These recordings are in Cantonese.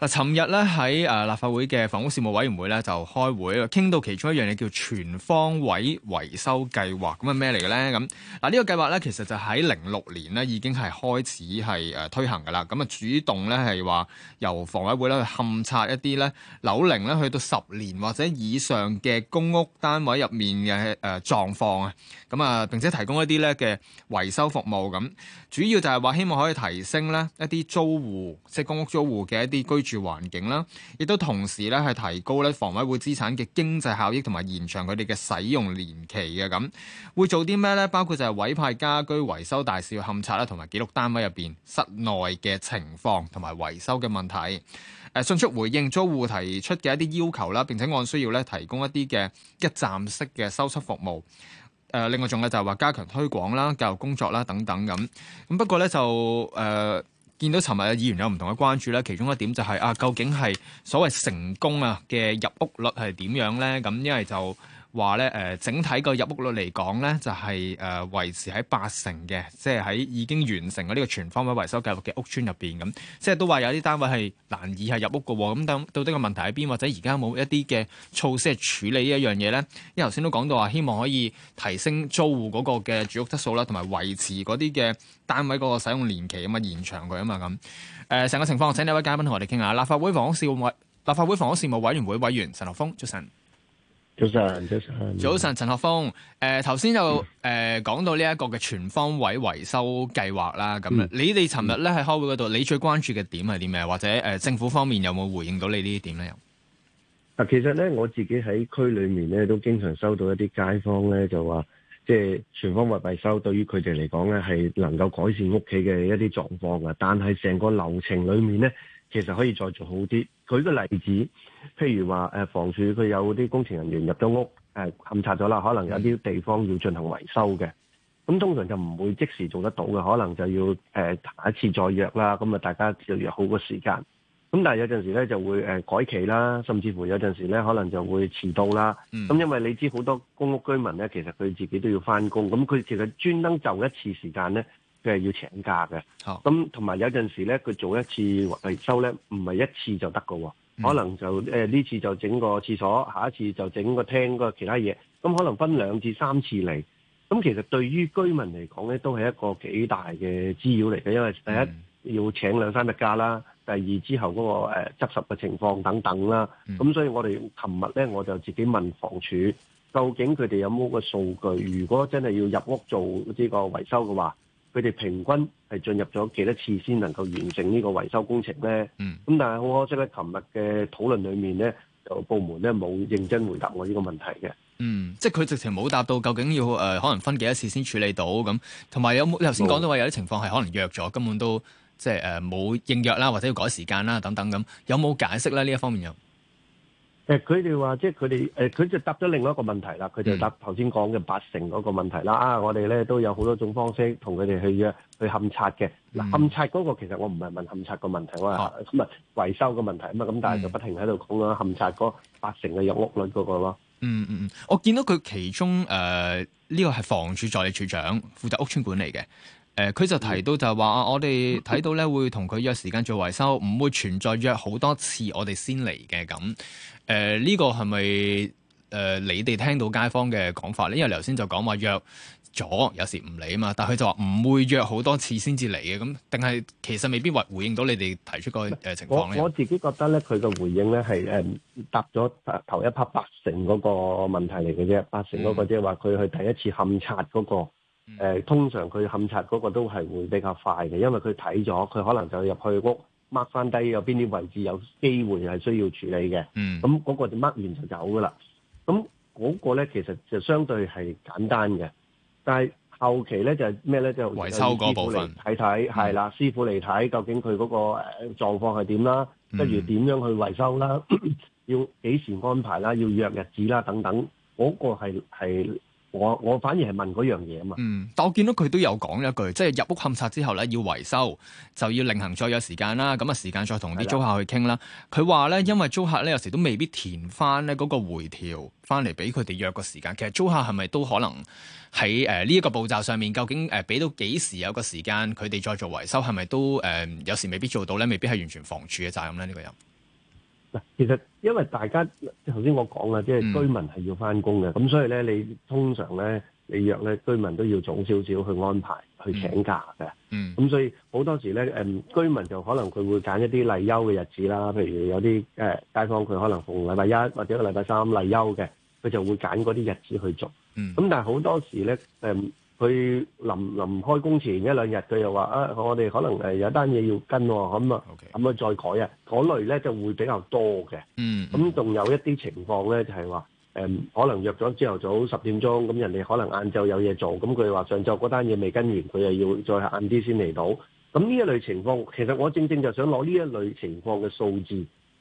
嗱，尋日咧喺誒立法會嘅房屋事務委員會咧就開會啊傾到其中一樣嘢叫全方位維修計劃，咁係咩嚟嘅咧？咁嗱呢個計劃咧其實就喺零六年咧已經係開始係誒推行嘅啦，咁啊主動咧係話由房委會咧去勘察一啲咧樓齡咧去到十年或者以上嘅公屋單位入面嘅誒狀況啊，咁啊並且提供一啲咧嘅維修服務，咁主要就係話希望可以提升咧一啲租戶即係、就是、公屋租戶嘅一啲居住。住環境啦，亦都同時咧係提高咧房委會資產嘅經濟效益同埋延長佢哋嘅使用年期嘅咁，會做啲咩咧？包括就係委派家居維修大使去勘測啦，同埋記錄單位入邊室內嘅情況同埋維修嘅問題。誒、呃、迅速回應租戶提出嘅一啲要求啦，並且按需要咧提供一啲嘅一站式嘅修葺服務。誒、呃、另外仲有就係話加強推廣啦、教育工作啦等等咁。咁不過咧就誒。呃見到尋日嘅議員有唔同嘅關注咧，其中一點就係啊，究竟係所謂成功啊嘅入屋率係點樣咧？咁因為就。話咧誒，整體個入屋率嚟講咧，就係、是、誒維持喺八成嘅，即係喺已經完成咗呢個全方位維修計劃嘅屋邨入邊咁，即係都話有啲單位係難以係入屋嘅喎。咁等到底個問題喺邊，或者而家冇一啲嘅措施係處理件事呢一樣嘢咧？因為頭先都講到話，希望可以提升租戶嗰個嘅住屋質素啦，同埋維持嗰啲嘅單位嗰個使用年期咁啊，延長佢啊嘛咁誒。成、呃、個情況，我請呢位嘉賓同我哋傾下立法會房屋事委立法會房屋事務委員會委員陳學鋒，早晨。早晨，早晨。早晨，陳學鋒。誒、呃，頭先就誒講到呢一個嘅全方位維修計劃啦，咁你哋尋日咧喺開會嗰度，嗯嗯、你最關注嘅點係啲咩？或者誒、呃，政府方面有冇回應到你呢啲點咧？又嗱，其實咧我自己喺區裏面咧，都經常收到一啲街坊咧，就話即係全方位維修對於佢哋嚟講咧係能夠改善屋企嘅一啲狀況嘅，但係成個流程裏面咧。其實可以再做好啲。舉個例子，譬如話誒，房署佢有啲工程人員入咗屋，誒勘察咗啦，可能有啲地方要進行維修嘅。咁通常就唔會即時做得到嘅，可能就要誒、呃、下一次再約啦。咁啊，大家就約好個時間。咁但係有陣時咧就會誒、呃、改期啦，甚至乎有陣時咧可能就會遲到啦。咁、嗯、因為你知好多公屋居民咧，其實佢自己都要返工，咁佢其實專登就一次時間咧。佢係要請假嘅，咁同埋有陣時咧，佢做一次維修咧，唔係一次就得㗎喎，mm. 可能就呢、呃、次就整個廁所，下一次就整個廳嗰個其他嘢，咁、嗯、可能分兩至三次嚟。咁、嗯、其實對於居民嚟講咧，都係一個幾大嘅滋擾嚟嘅，因為第一、mm. 要請兩三日假啦，第二之後嗰、嗰個執、呃、拾嘅情況等等啦。咁、mm. 所以我哋琴日咧，我就自己問房署，究竟佢哋有冇個數據？如果真係要入屋做呢個維修嘅話。佢哋平均係進入咗幾多次先能夠完成呢個維修工程咧？嗯，咁但係好可惜咧，琴日嘅討論裡面咧，就部門咧冇認真回答我呢個問題嘅。嗯，即係佢直情冇答到究竟要誒、呃、可能分幾多次先處理到咁，同埋有冇你頭先講到話有啲情況係可能約咗、嗯、根本都即係誒冇應約啦，或者要改時間啦等等咁，有冇解釋咧呢一方面又？誒佢哋話，即係佢哋誒，佢、呃、就答咗另外一個問題啦。佢就答頭先講嘅八成嗰個問題啦。嗯、啊，我哋咧都有好多種方式同佢哋去約去勘察嘅。嗱，勘察嗰個其實我唔係問勘察個問題，嗯、我話咁啊維修個問題啊嘛。咁但係就不停喺度講啦，勘察個八成嘅入屋率嗰個咯。嗯嗯嗯，我見到佢其中誒呢、呃呢個係房署助理處長負責屋邨管理嘅。誒，佢、呃、就提到就係話、啊，我哋睇到咧會同佢約時間做維修，唔會存在約好多次我哋先嚟嘅咁。呢、呃呢個係咪、呃、你哋聽到街坊嘅講法呢？因為頭先就講話約咗有時唔嚟啊嘛，但佢就話唔會約好多次先至嚟嘅咁，定係其實未必話回應到你哋提出個情況咧？我我自己覺得咧，佢嘅回應咧係、呃、答咗頭一 part 八成嗰個問題嚟嘅啫，八成嗰個即係話佢去第一次勘察嗰、那個。嗯誒、嗯、通常佢勘察嗰個都係會比較快嘅，因為佢睇咗，佢可能就入去屋 mark 翻低有邊啲位置有機會係需要處理嘅。嗯，咁嗰個就 mark 完就走噶啦。咁嗰個咧其實就相對係簡單嘅，但係後期咧就係咩咧就係、睇睇維修嗰部分，睇睇係啦，師傅嚟睇究竟佢嗰個誒狀況係點啦，不如點樣去維修啦， 要幾時安排啦，要約日子啦，等等，嗰、嗰個係係。係我我反而係問嗰樣嘢啊嘛。嗯，但我見到佢都有講一句，即係入屋勘察之後咧，要維修就要另行再有時間啦。咁啊，時間再同啲租客去傾啦。佢話咧，因為租客咧有時都未必填翻咧嗰個回條翻嚟俾佢哋約個時間。其實租客係咪都可能喺誒呢一個步驟上面，究竟誒俾、呃、到幾時有個時間，佢哋再做維修係咪都誒、呃、有時未必做到咧？未必係完全房署嘅責任咧。呢、呢個人。嗱，其實因為大家頭先我講啦，即係居民係要翻工嘅，咁所以咧，你通常咧，你約咧，居民都要早少少去安排去請假嘅。嗯，咁所以好多時咧，誒，居民就可能佢會揀一啲例休嘅日子啦，譬如有啲誒街坊佢可能逢禮拜一或者個禮拜三例休嘅，佢就會揀嗰啲日子去做。嗯，咁但係好多時咧，誒。佢臨臨開工前一兩日，佢又話：啊，我哋可能誒有單嘢要跟喎、哦，咁啊，咁啊 Okay. 再改啊，嗰類咧就會比較多嘅、mm hmm. 就是。嗯，咁仲有一啲情況咧，就係話誒，可能約咗朝頭早十點鐘，咁人哋可能晏晝有嘢做，咁佢話上晝嗰單嘢未跟完，佢又要再晏啲先嚟到。咁呢一類情況，其實我正正就想攞呢一類情況嘅數字，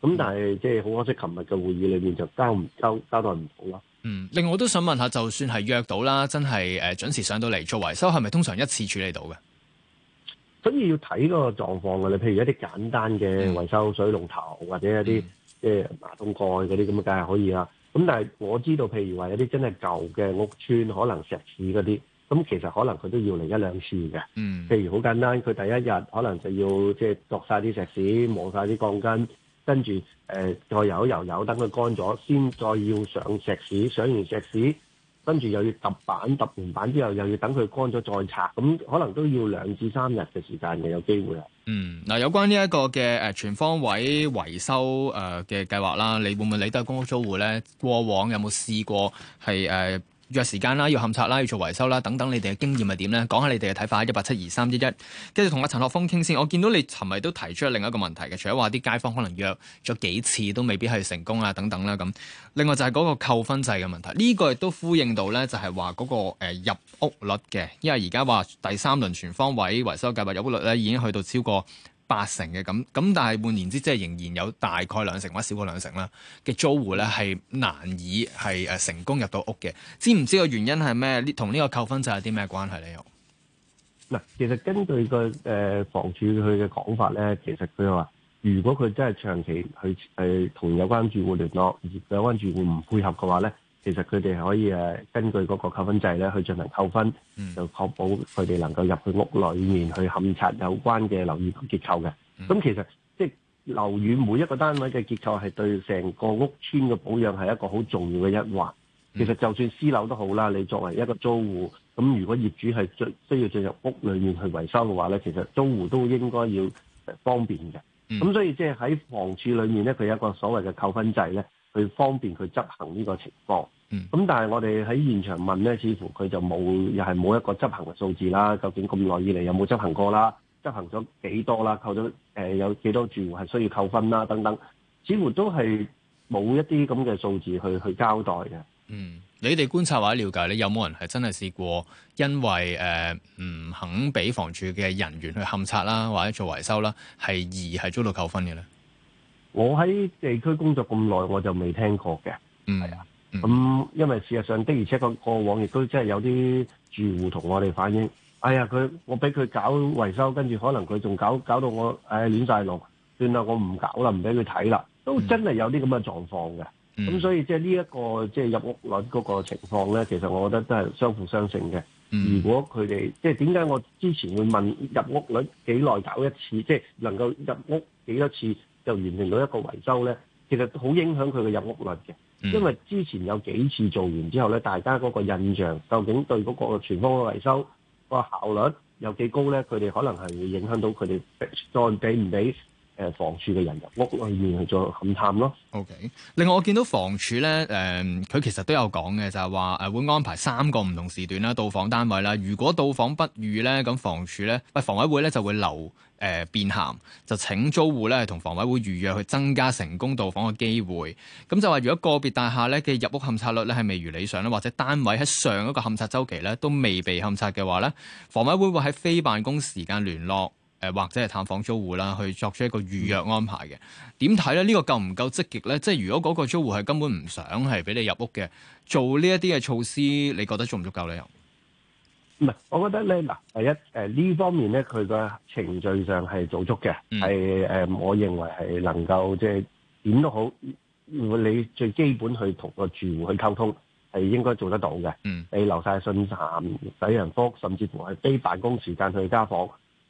咁但係、mm hmm. 即係好可惜，琴日嘅會議裏面就交唔交交代唔到咯。嗯，另外我都想問下，就算係約到啦，真係誒、呃、準時上到嚟做維修，係咪通常一次處理到嘅？所以要睇個狀況噶你譬如一啲簡單嘅維修，水龍頭或者一啲即係馬桶蓋嗰啲咁，梗係可以啦。咁但係我知道，譬如話有啲真係舊嘅屋邨，可能石屎嗰啲，咁其實可能佢都要嚟一兩次嘅。嗯，譬如好簡單，佢第一日可能就要即係鑿晒啲石屎，磨晒啲鋼筋。跟住誒、呃，再有油油，等佢乾咗，先再要上石屎，上完石屎，跟住又要揼板，揼完板之後，又要等佢乾咗再拆。咁、嗯、可能都要兩至三日嘅時間嘅，有機會啦。嗯，嗱、啊，有關呢一個嘅誒、呃、全方位維修誒嘅計劃啦，你會唔會理得公屋租戶咧？過往有冇試過係誒？呃約時間啦，要勘察啦，要做維修啦，等等，你哋嘅經驗係點呢？講下你哋嘅睇法。一八七二三一一，跟住同阿陳學鋒傾先。我見到你尋日都提出另一個問題嘅，除咗話啲街坊可能約咗幾次都未必係成功啊等等啦咁。另外就係嗰個扣分制嘅問題，呢個亦都呼應到呢，就係話嗰個誒入屋率嘅，因為而家話第三輪全方位維修計劃入屋率呢，已經去到超過八成嘅，咁咁，但係換言之，即係仍然有大概兩成或者少過兩成啦嘅租戶咧，係難以係誒成功入到屋嘅。知唔知個原因係咩？呢同呢個扣分制有啲咩關係咧？又嗱，其實根據個誒房署佢嘅講法咧，其實佢話如果佢真係長期去誒同有關住戶聯絡，而有關住戶唔配合嘅話咧。其實佢哋可以誒根據嗰個扣分制咧去進行扣分，就確、嗯、保佢哋能夠入去屋裏面去勘 n 有關嘅樓宇結構嘅。咁、嗯、其實即係樓院每一個單位嘅結構係對成個屋村嘅保養係一個好重要嘅一環。嗯、其實就算私樓都好啦，你作為一個租戶，咁如果業主係最需要進入屋裏面去維修嘅話咧，其實租戶都應該要方便嘅。咁、嗯、所以即係喺房署裏面咧，佢有一個所謂嘅扣分制咧，去方便佢執行呢個情況。咁、嗯、但係我哋喺現場問咧，似乎佢就冇又係冇一個執行嘅數字啦。究竟咁耐以嚟有冇執行過啦？執行咗幾多啦？扣咗誒、呃、有幾多住戶係需要扣分啦？等等，似乎都係冇一啲咁嘅數字去去交代嘅。嗯，你哋觀察或者了解咧，有冇人係真係試過因為誒唔、呃、肯俾房署嘅人員去勘察啦，或者做維修啦，係而係遭到扣分嘅咧？我喺地區工作咁耐，我就未聽過嘅。嗯，係啊。咁、嗯，因為事實上的，而且個過往亦都真係有啲住戶同我哋反映，哎呀，佢，我俾佢搞維修，跟住可能佢仲搞搞到我，誒亂晒路，算啦，我唔搞啦，唔俾佢睇啦。都真係有啲咁嘅狀況嘅。咁、嗯嗯嗯、所以即係呢一個即係、就是、入屋率嗰個情況呢，其實我覺得都係相輔相成嘅。如果佢哋即係點解我之前會問入屋率幾耐搞一次，即、就、係、是、能夠入屋幾多次就完成到一個維修呢，其實好影響佢嘅入屋率嘅。嗯、因為之前有幾次做完之後咧，大家嗰個印象究竟對嗰個全方位維修個效率有幾高咧？佢哋可能係會影響到佢哋再俾唔俾？誒房署嘅人入屋裡面再勘查咯。OK，另外我見到房署咧，誒、呃、佢其實都有講嘅，就係話誒會安排三個唔同時段啦，到訪單位啦。如果到訪不遇咧，咁房署咧，唔係房委會咧，就會留誒便函，就請租戶咧同房委會預約去增加成功到訪嘅機會。咁就話如果個別大廈咧嘅入屋勘查率咧係未如理想咧，或者單位喺上一個勘查週期咧都未被勘查嘅話咧，房委會會喺非辦公時間聯絡。誒，或者係探訪租戶啦，去作出一個預約安排嘅，點睇咧？呢、這個夠唔夠積極咧？即係如果嗰個租戶係根本唔想係俾你入屋嘅，做呢一啲嘅措施，你覺得足唔足夠理由？唔係，我覺得咧嗱，第一誒呢方面咧，佢個程序上係做足嘅，係誒、嗯、我認為係能夠即係點都好，如果你最基本去同個住戶去溝通，係應該做得到嘅。嗯、你留晒信函、使人福，甚至乎係非辦公時間去家訪。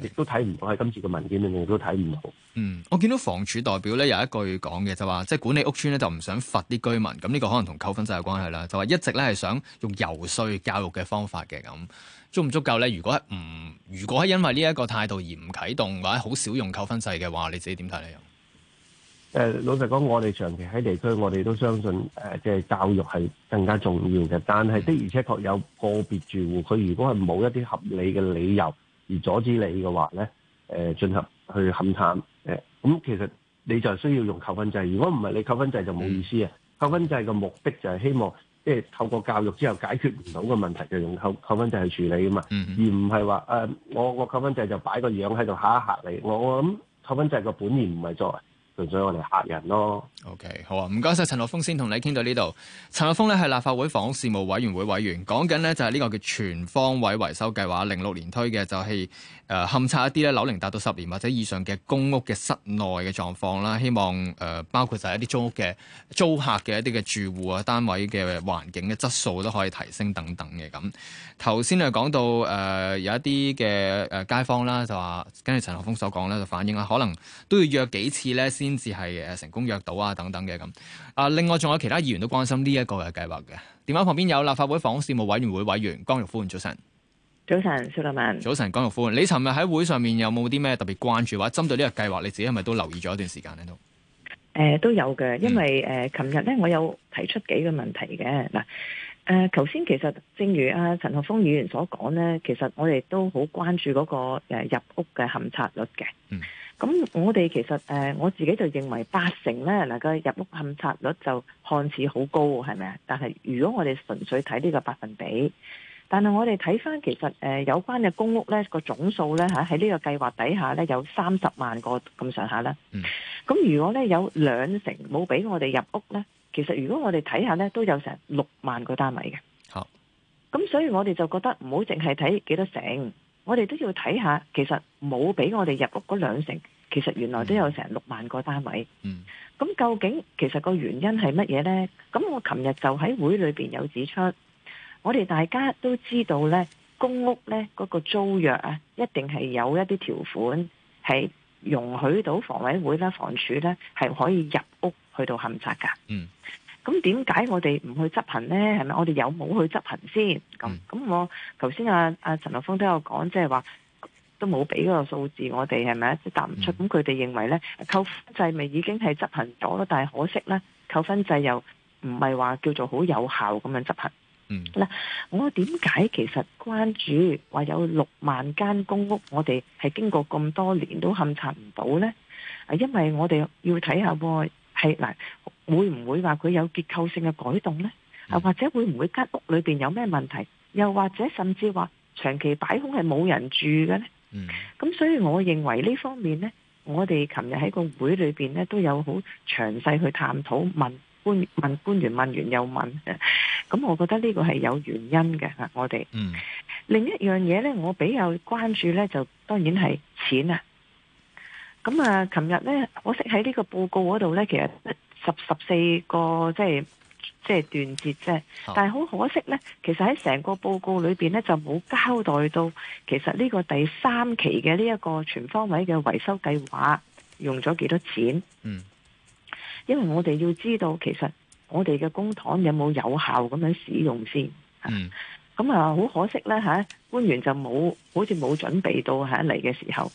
亦都睇唔到喺今次嘅文件裏面亦都睇唔到。嗯，我見到房署代表咧有一句講嘅就話，即係管理屋邨咧就唔想罰啲居民，咁呢個可能同扣分制有關係啦。就話一直咧係想用遊說教育嘅方法嘅咁，足唔足夠咧？如果唔如果係因為呢一個態度而唔啟動或者好少用扣分制嘅話，你自己點睇咧？誒，老實講，我哋長期喺地區，我哋都相信誒，即係教育係更加重要嘅。但係的而且確有個別住戶，佢如果係冇一啲合理嘅理由。而阻止你嘅話咧，誒、呃、進行去勘探，誒、呃、咁其實你就需要用扣分制。如果唔係你扣分制就冇意思啊！嗯、哼扣分制嘅目的就係希望即係透過教育之後解決唔到嘅問題，就用扣扣分制去處理啊嘛，嗯、哼而唔係話誒我個扣分制就擺個樣喺度嚇一嚇你。我我諗扣分制個本意唔係作為。除咗我哋客人咯，OK 好啊，唔該晒。陳學鋒先同你傾到呢度。陳學鋒咧係立法會房屋事務委員會委員，講緊呢就係呢個叫全方位維修計劃，零六年推嘅、就是，就係誒勘測一啲咧樓齡達到十年或者以上嘅公屋嘅室內嘅狀況啦。希望誒、呃、包括就係一啲租屋嘅租客嘅一啲嘅住戶啊、單位嘅環境嘅質素都可以提升等等嘅咁。頭先啊講到誒、呃、有一啲嘅誒街坊啦，就話跟住陳學鋒所講咧，就反映啦，可能都要約幾次咧。先至係誒成功約到啊等等嘅咁啊。另外仲有其他議員都關心呢一個嘅計劃嘅，電話旁邊有立法會房屋事務委員會委員江玉歡。早晨，早晨，邵立文早晨，江玉歡，你尋日喺會上面有冇啲咩特別關注或者？針對呢個計劃，你自己係咪都留意咗一段時間呢？都誒、呃、都有嘅，因為誒琴日咧我有提出幾個問題嘅嗱誒，頭、呃、先其實正如阿、啊、陳學鋒議員所講咧，其實我哋都好關注嗰、那個、呃、入屋嘅勘察率嘅。嗯。咁我哋其實誒、呃，我自己就認為八成咧，嗱個入屋勘察率就看似好高，係咪啊？但係如果我哋純粹睇呢個百分比，但係我哋睇翻其實誒、呃、有關嘅公屋咧個總數咧喺呢、啊、個計劃底下咧有三十萬個咁上下啦。咁、嗯、如果咧有兩成冇俾我哋入屋咧，其實如果我哋睇下咧都有成六萬個單位嘅。好、啊。咁所以我哋就覺得唔好淨係睇幾多成。我哋都要睇下，其實冇俾我哋入屋嗰兩成，其實原來都有成六萬個單位。嗯，咁究竟其實個原因係乜嘢呢？咁我琴日就喺會裏邊有指出，我哋大家都知道呢公屋呢嗰個租約啊，一定係有一啲條款係容許到房委會啦、房署呢係可以入屋去到勘察噶。嗯。咁點解我哋唔去執行呢？係咪我哋有冇去執行先？咁咁，我頭先阿阿陳學鋒有都有講，即係話都冇俾個數字，我哋係咪即答唔出？咁佢哋認為呢，扣分制咪已經係執行咗咯？但係可惜呢，扣分制又唔係話叫做好有效咁樣執行。嗯，嗱，我點解其實關注話有六萬間公屋，我哋係經過咁多年都勘察唔到呢？因為我哋要睇下。係嗱，會唔會話佢有結構性嘅改動呢啊，或者會唔會間屋裏邊有咩問題？又或者甚至話長期擺空係冇人住嘅呢，嗯，咁所以我認為呢方面呢，我哋琴日喺個會裏邊呢都有好詳細去探討，問官問官員問，問，問完又問，咁 我覺得呢個係有原因嘅。吓，我哋嗯，另一樣嘢呢，我比較關注呢就當然係錢啊。咁啊，琴日咧，可惜喺呢個報告嗰度咧，其實十十四個即係即係段節啫，哦、但係好可惜咧，其實喺成個報告裏邊咧，就冇交代到其實呢個第三期嘅呢一個全方位嘅維修計劃用咗幾多錢？嗯，因為我哋要知道，其實我哋嘅公帑有冇有有效咁樣使用先？嗯。咁啊，好可惜咧吓、啊，官員就冇好似冇準備到喺嚟嘅時候，咁、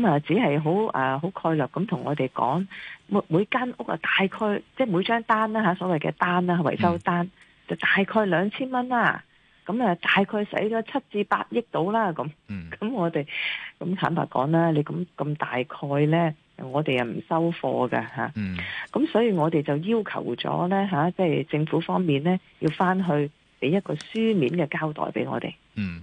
嗯、啊，只係好誒好概略咁同我哋講，每每間屋啊大概即係每張單啦、啊、所謂嘅單啦，維修單、嗯、就大概兩千蚊啦，咁啊大概使咗七至八億到啦，咁，咁、嗯、我哋咁坦白講啦，你咁咁大概咧，我哋又唔收貨㗎。嚇、啊，咁、嗯、所以我哋就要求咗咧嚇，即係政府方面咧要返去。俾一個書面嘅交代俾我哋。嗯，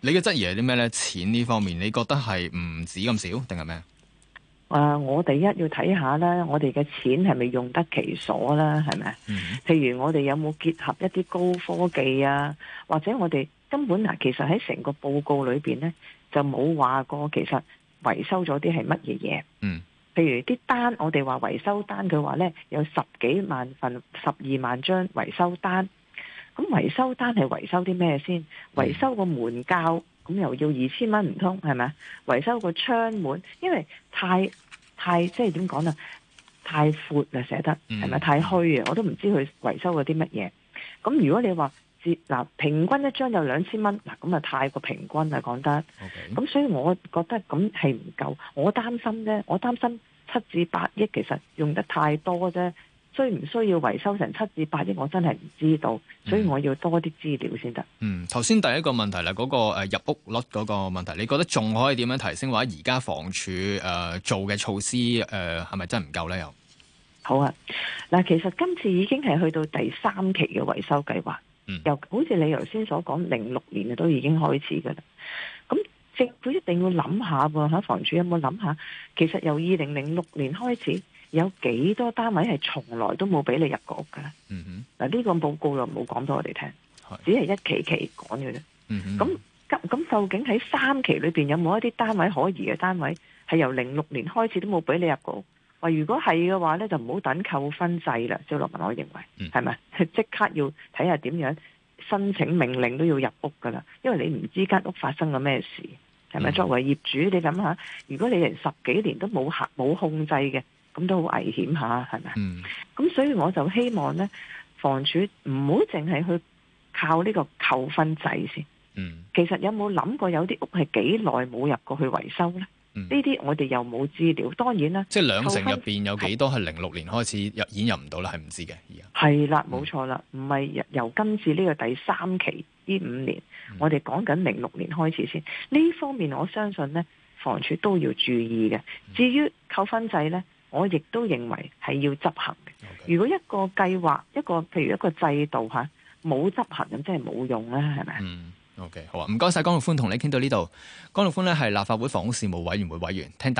你嘅質疑係啲咩呢？錢呢方面，你覺得係唔止咁少定係咩？啊、呃，我第一要睇下啦，我哋嘅錢係咪用得其所啦，係咪？嗯。譬如我哋有冇結合一啲高科技啊？或者我哋根本嗱，其實喺成個報告裏邊呢，就冇話過其實維修咗啲係乜嘢嘢。嗯。譬如啲單，我哋話維修單，佢話呢，有十幾萬份、十二萬張維修單。咁維修單係維修啲咩先？維修個門鉸，咁又要二千蚊唔通係咪？維修個窗門，因為太太即係點講咧，太闊啊，寫得係咪、嗯、太虛啊？我都唔知佢維修嗰啲乜嘢。咁如果你話，嗱平均一張有兩千蚊，嗱咁啊太過平均啦，講得。咁 Okay. 所以我覺得咁係唔夠，我擔心呢，我擔心七至八億其實用得太多啫。需唔需要維修成七至八億？我真係唔知道，所以我要多啲資料先得。嗯，頭先第一個問題啦，嗰、嗰個入屋率嗰個問題，你覺得仲可以點樣提升，或者而家房署誒、呃、做嘅措施誒係咪真係唔夠呢？又好啊！嗱，其實今次已經係去到第三期嘅維修計劃，又好似你頭先所講，零六年都已經開始噶啦。咁政府一定要諗下噃，房署有冇諗下？其實由二零零六年開始。有幾多單位係從來都冇俾你入過屋㗎？嗱、嗯哼，呢個報告就冇講到我哋聽，是只係一期期講嘅啫。咁咁、嗯、哼究竟喺三期裏邊有冇一啲單位可疑嘅單位係由零六年開始都冇俾你入過？話如果係嘅話咧，就唔好等扣分制啦。蕭樂文，我認為係咪？即、嗯、刻要睇下點樣申請命令都要入屋㗎啦。因為你唔知間屋發生咗咩事，係咪、嗯、哼作為業主？你諗下，如果你連十幾年都冇冇控制嘅。咁都好危險下，係咪？咁、嗯、所以我就希望呢，房署唔好淨係去靠呢個扣分制先。嗯、其實有冇諗過有啲屋係幾耐冇入過去維修呢？呢啲、嗯、我哋又冇資料。當然啦，即係兩成入面有幾多係零六年開始入引入唔到啦，係唔知嘅。係啦，冇錯啦，唔係、嗯、由今次呢個第三期呢五年，嗯、我哋講緊零六年開始先。呢方面我相信呢，房署都要注意嘅。至於扣分制呢，我亦都認為係要執行嘅。Okay. 如果一個計劃、一個譬如一個制度嚇冇執行咁，即係冇用啦，係咪？嗯，OK，好啊。唔該晒，江玉歡，同你傾到呢度。江玉歡咧係立法會房屋事務委員會委員，聽